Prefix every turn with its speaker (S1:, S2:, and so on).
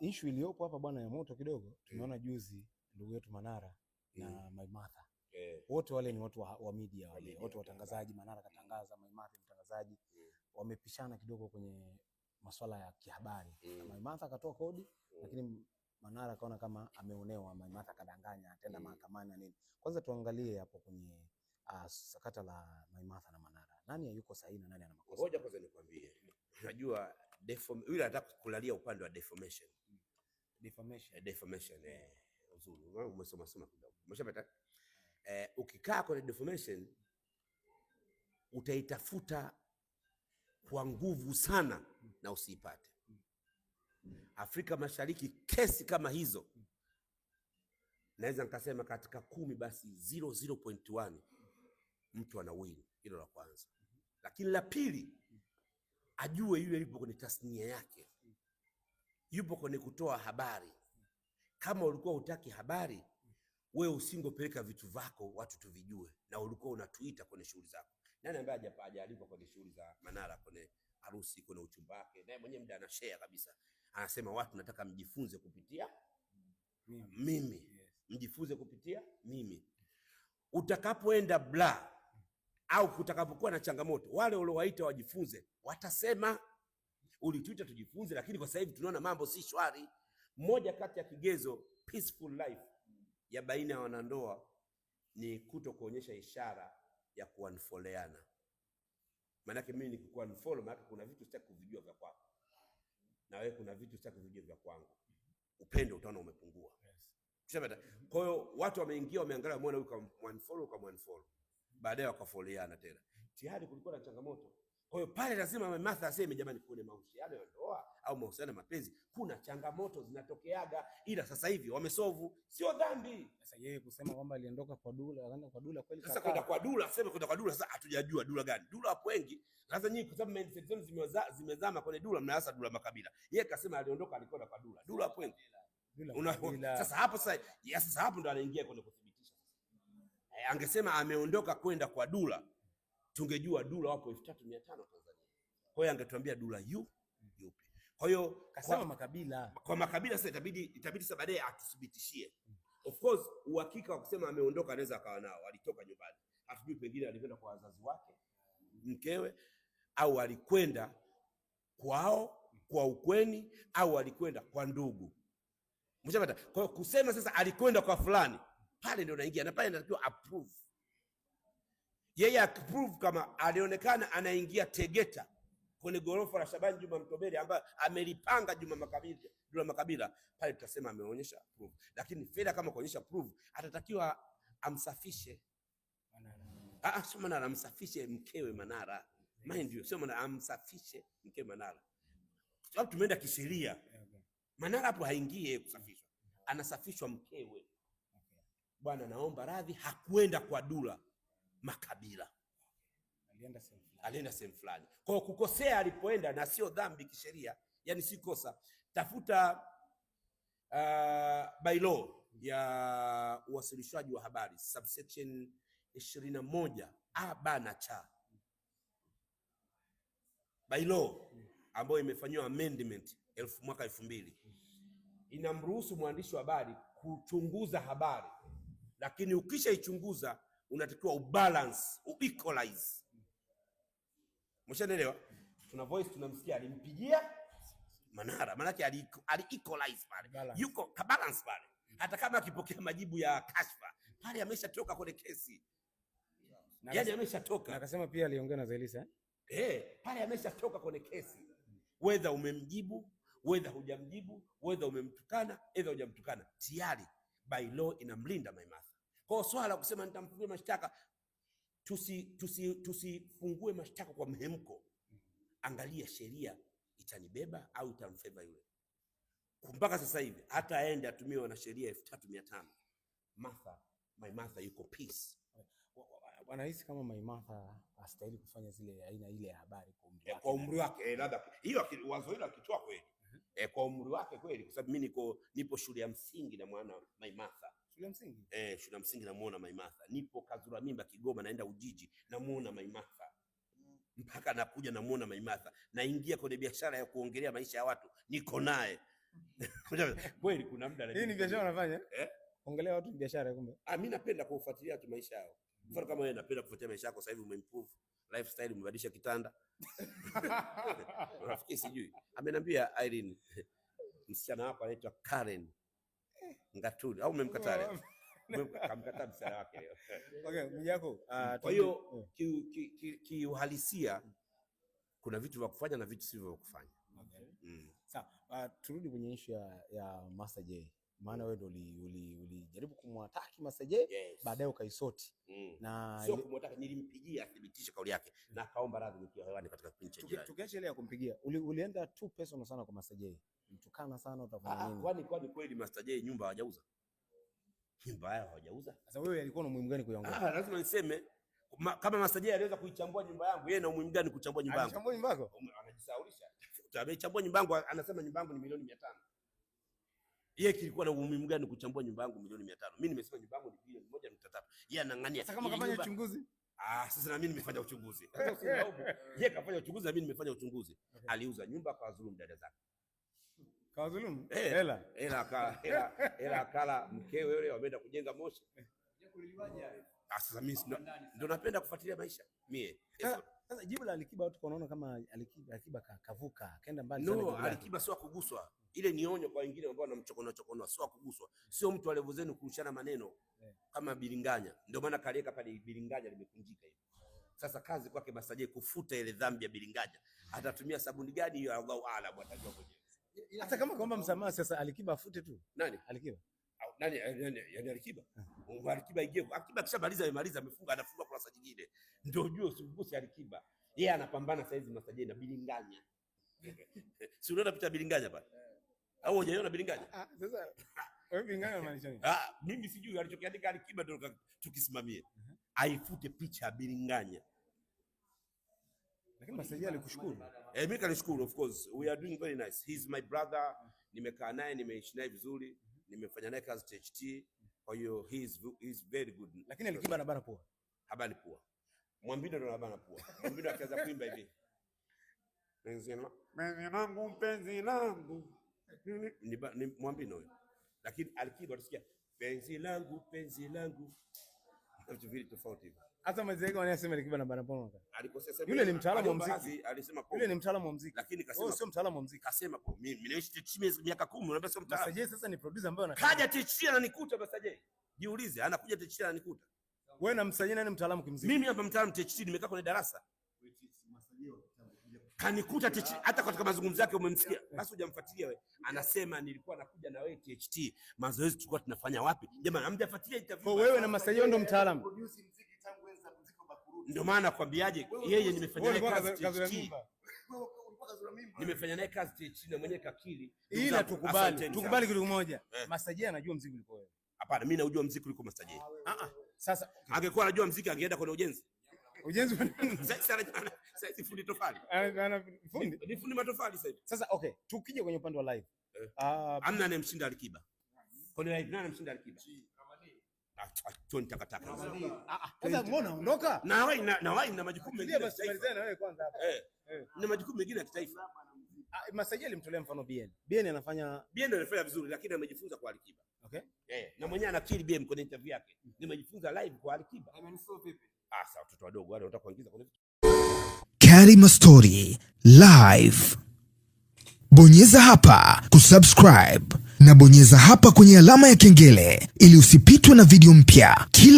S1: ishu iliyopo hapa bwana ya moto kidogo tumeona mm. juzi ndugu yetu Manara mm. na eh. Maimartha yeah. wote wale ni watu wa, wa media wale yeah. watu watangazaji, Manara eh. katangaza, Maimartha mtangazaji yeah. wamepishana kidogo kwenye masuala ya kihabari mm. Maimartha akatoa kodi mm. lakini Manara akaona kama ameonewa, Maimartha kadanganya, atenda mahakamani na nini. Kwanza tuangalie hapo kwenye uh, sakata la Maimartha na Manara, nani yuko sahihi na nani ana makosa?
S2: Ngoja kwanza nikwambie, unajua yule anataka kulalia upande wa defamation defamation. Eh, defamation, eh, uzuri. Umesoma soma kidogo. Umeshapata? Eh, ukikaa kwenye utaitafuta kwa nguvu sana na usiipate. Afrika Mashariki kesi kama hizo naweza nikasema katika kumi basi 0.1 mtu ana wili Hilo la kwanza, lakini la pili, ajue yule yupo kwenye tasnia yake yupo kwenye kutoa habari. Kama ulikuwa hutaki habari, we usingopeleka vitu vako watu tuvijue, na ulikuwa unatuita kwenye shughuli zako. Nani ambaye hajapa hajaalikwa kwenye shughuli za Manara, kwenye harusi, kwenye uchumba wake, naye mwenyewe muda anashare kabisa, anasema watu nataka mjifunze kupitia mimi, mimi. Yes. mjifunze kupitia mimi. Utakapoenda bla au kutakapokuwa na changamoto, wale uliowaita wajifunze watasema ulituita tujifunze, lakini kwa sasa hivi tunaona mambo si shwari. Moja kati ya kigezo peaceful life ya baina ya wanandoa ni kuto kuonyesha ishara ya kuanfoleana. Maanake mimi nikikuwa unfollow, maana kuna vitu sitaki kuvijua vya kwako, na wewe kuna vitu sitaki kuvijua vya kwangu, upendo utaona umepungua. Yes. Kwa hiyo watu wameingia, wameangalia, mbona huyu kama unfollow kama unfollow, baadaye wakafoleana tena, tayari kulikuwa na changamoto kwa hiyo pale lazima Mama Martha aseme jamani, kuna mahusiano ya ndoa au mahusiano ya mapenzi, kuna changamoto zinatokeaga, ila sasa hivi wamesovu, sio dhambi.
S1: Sasa yeye kusema kwamba aliondoka kwa Dula, anaenda kwa Dula kweli?
S2: Sasa kwenda kwa Dula, sema kwenda kwa Dula, sasa hatujajua Dula gani? Dula wapo wengi. Sasa nyinyi, kwa sababu mindset zenu zimezama kwenye Dula, mnaasa Dula makabila. Yeye kasema aliondoka, alikwenda kwa Dula. Dula wapo wengi. Sasa hapo sasa, sasa hapo ndo anaingia kwenye kuthibitisha. Eh, angesema ameondoka kwenda kwa Dula tungejua dula wapo elfu tatu mia tano Tanzania. Kwa hiyo angetuambia dula yu yupi. Kwa hiyo
S1: kasema makabila
S2: kwa makabila, sasa itabidi itabidi sasa baadaye atuthibitishie. Of course uhakika wa kusema ameondoka anaweza akawa nao, alitoka nyumbani, hatujui pengine alikwenda kwa wazazi wake, mkewe, au alikwenda kwao kwa ukweni, au alikwenda kwa ndugu. Mshapata? Kwa hiyo kusema sasa alikwenda kwa fulani, pale ndio naingia na pale natakiwa approve yeye akiprove kama alionekana anaingia Tegeta kwenye gorofa la Shabani Juma Mtobeli ambaye amelipanga Juma Makabila, Juma Makabila pale, tutasema ameonyesha proof, lakini fedha kama kuonyesha proof, atatakiwa amsafishe Manara. Ah, ah sio Manara, amsafishe mkewe Manara, mind you, sio Manara, amsafishe mkewe Manara, sababu tumeenda kisheria. Manara hapo haingie kusafishwa, anasafishwa mkewe. Bwana, naomba radhi, hakuenda kwa Dula makabila, alienda sehemu fulani. Kwa hiyo kukosea alipoenda, na sio dhambi kisheria, yani si kosa. Tafuta uh, bylaw ya uwasilishwaji wa habari subsection ishirini na moja a b na cha bylaw ambayo imefanyiwa amendment elfu mwaka elfu mbili inamruhusu mwandishi wa habari kuchunguza habari, lakini ukishaichunguza unatakiwa ubalance, uequalize. Mshanelewa?
S1: Tuna voice tunamsikia alimpigia
S2: Manara, maanake ali, ali equalize pale, yuko ka balance pale. Hata kama akipokea majibu ya kashfa pale, ameshatoka kwenye kesi Yani ameshatoka.
S1: Akasema pia aliongea na Zaiylisa
S2: eh? eh, pale ameshatoka kwenye kesi, wedha umemjibu wedha hujamjibu, wedha umemtukana, edha hujamtukana, tayari by law inamlinda my Maimartha. Kwa swala kusema nitamfungulia mashtaka, tusifungue tusi, tusi mashtaka kwa mhemko. Angalia sheria itanibeba au itamfeva yule. Mpaka sasa hivi hata aende atumie wanasheria elfu tatu mia tano Martha, Martha yuko peace
S1: wanahisi kama Maimatha astahili kufanya zile aina ile ya habari
S2: kwa umri eh, wake, eh, labda hiyo wazo hilo akitoa kweli, mhm. eh, kwa umri wake kweli, kwa sababu mimi niko nipo shule ya msingi na mwana Maimatha Shule msingi? Eh, shule msingi namuona Maimartha. Nipo Kazura mimba Kigoma naenda Ujiji namuona Maimartha. Mpaka nakuja namuona Maimartha. Naingia kwenye biashara ya kuongelea maisha ya watu. Niko naye.
S1: Kweli kuna mda Hii ni biashara unafanya? Eh? Ongelea watu ni biashara kumbe.
S2: Ah, mimi napenda kufuatilia watu maisha yao. Mfano kama wewe napenda kufuatilia maisha yako sasa hivi umeimprove. Lifestyle umebadilisha kitanda. Rafiki sijui. Ameniambia Irene msichana wako anaitwa Karen Ngatuli au leo? Kamkataa msala wake leo.
S1: Okay, Mwijaku. Uh,
S2: mm. Kwa hiyo mm. kiuhalisia kuna vitu vya kufanya na vitu sivyo vya kufanya. Okay.
S1: Mm. Sawa. Uh, turudi kwenye issue ya, ya Master J maana wewe ndio ulijaribu kumwataki Master J yes. Baadaye ukaisoti
S2: mm. Na sio kumwataki nilimpigia athibitishe kauli yake mm. na akaomba radhi nikiwa hewani katika kipindi cha
S1: jana. Tukiacha ile ya kumpigia, ulienda tu personal sana kwa Master J utakana sana,
S2: utafanya ah, ah, nini? Kwani kwani kweli Master J nyumba hajauza? Nyumba yao hajauza.
S1: Sasa wewe alikuwa na umuhimu gani kuiangusha?
S2: Ah, lazima niseme Ma, kama Master J aliweza kuichambua nyumba yangu, yeye na umuhimu gani kuchambua nyumba yangu?
S1: Anachambua nyumba yako?
S2: Anajisaulisha. Amechambua nyumba yangu, anasema nyumba yangu ni milioni 500. Yeye kilikuwa na umuhimu gani kuchambua nyumba yangu milioni 500? Mimi nimesema nyumba yangu ni bilioni 1.3. Yeye anang'ania. Sasa
S1: kama kafanya uchunguzi?
S2: Ah, sasa na mimi nimefanya uchunguzi. Sasa usilaumu. Yeye kafanya uchunguzi na mimi nimefanya uchunguzi. Aliuza nyumba kwa dhuluma dada zake. Kawazulumu eh, hela hela akala hela hela akala mkewe yule, wameenda kujenga Moshi. Ah, sasa mimi ndo napenda kufuatilia maisha mie. Eh,
S1: sasa jibu la Alikiba watu wanaona kama Alikiba, Alikiba kavuka kaenda mbali
S2: sana. No, Alikiba sio kuguswa, ile ni onyo kwa wengine ambao wanamchokonoa chokonoa, sio kuguswa, sio mtu alevu zenu kurushana maneno eh. kama bilinganya. Ndio maana kalieka pale bilinganya limekunjika hivi. Sasa kazi kwake Basaje kufuta ile dhambi ya bilinganya, atatumia sabuni gani hiyo? Allahu aalam, atajua mwenyewe
S1: hata kama kwamba msamaha sasa, Alikiba afute tu
S2: nani? Alikiba nani? Yani Alikiba uh, Alikiba ije Alikiba akishamaliza amemaliza, amefunga, anafunga kwa sasa nyingine, ndio ujue usimguse Alikiba. Yeye anapambana sasa hizi masaje na bilinganya, si unaona picha bilinganya pale eh. au hujaiona bilinganya?
S1: Ah, sasa wewe bilinganya unamaanisha nini?
S2: Ah, mimi sijui alichokiandika Alikiba, ndio tukisimamie uh-huh. aifute picha bilinganya,
S1: lakini masaje alikushukuru
S2: Eh, Mikali School of course. We are doing very nice. He's my brother. Nimekaa naye, nimeishi naye vizuri, nimefanya naye kazi THT. Kwa hiyo he is he is very good.
S1: Lakini alikiba na bana pua.
S2: Habari pua. Mwambido ndo na bana pua. Mwambido akaanza kuimba hivi.
S1: Mpenzi wangu, mpenzi wangu.
S2: Ni, ni Mwambido huyo. Lakini alikiba tusikia penzi langu, penzi langu. Vitu vili tofauti hivyo
S1: hata mwenzake anasema ni kibana bana pono alikosea. Yule ni mtaalamu wa muziki, alisema pono. Yule ni mtaalamu wa muziki, lakini kasema wewe sio mtaalamu wa muziki.
S2: Kasema kwa mimi nimeishi chini miaka 10, unaambia sio mtaalamu.
S1: Saje sasa ni producer ambaye
S2: anakaa kaja tichia na nikuta aje. Jiulize, anakuja tichia na nikuta.
S1: Wewe na msajili nani mtaalamu kimuziki?
S2: Mimi hapa mtaalamu tichia, nimekaa kwenye darasa. Kanikuta THT hata katika mazungumzo yake umemsikia, basi hujamfuatilia wewe. Anasema nilikuwa nakuja na wewe THT, mazoezi tulikuwa tunafanya wapi? Jamani, hamjafuatilia interview.
S1: Wewe na msajili ndio mtaalamu.
S2: Ndio maana nakwambiaje, yeye nimefanya naye kazi, nimefanya naye kazi THT na mwenye kakili,
S1: Ila tukubali tukubali kitu kimoja, eh. Master J anajua mziki kuliko wewe.
S2: Hapana, mimi najua mziki kuliko Master ah, ah ah, sasa angekuwa anajua mziki angeenda kwenye ujenzi ujenzi sasa fundi tofali,
S1: ah, fundi ni fundi matofali sasa Sasa okay, tukija kwenye upande wa live, eh. ah, amna anayemshinda Alikiba kwenye live, nani anamshinda Alikiba?
S2: Choni ah, ah, Na majukumu Na hapa. Eh. eh. majukumu mengine ya kitaifa.
S1: Ah, Masajili alimtolea mfano BN. BN anafanya
S2: BN anafanya vizuri lakini amejifunza kwa Alikiba. Okay? Eh, na mwenyewe anakiri BN kwenye interview yake. Nimejifunza live kwa Alikiba. Ah, sasa watoto wadogo wale wanataka kuingiza kwenye Karima Story Live. Bonyeza hapa kusubscribe na bonyeza hapa kwenye alama ya kengele ili usipitwe na video mpya kila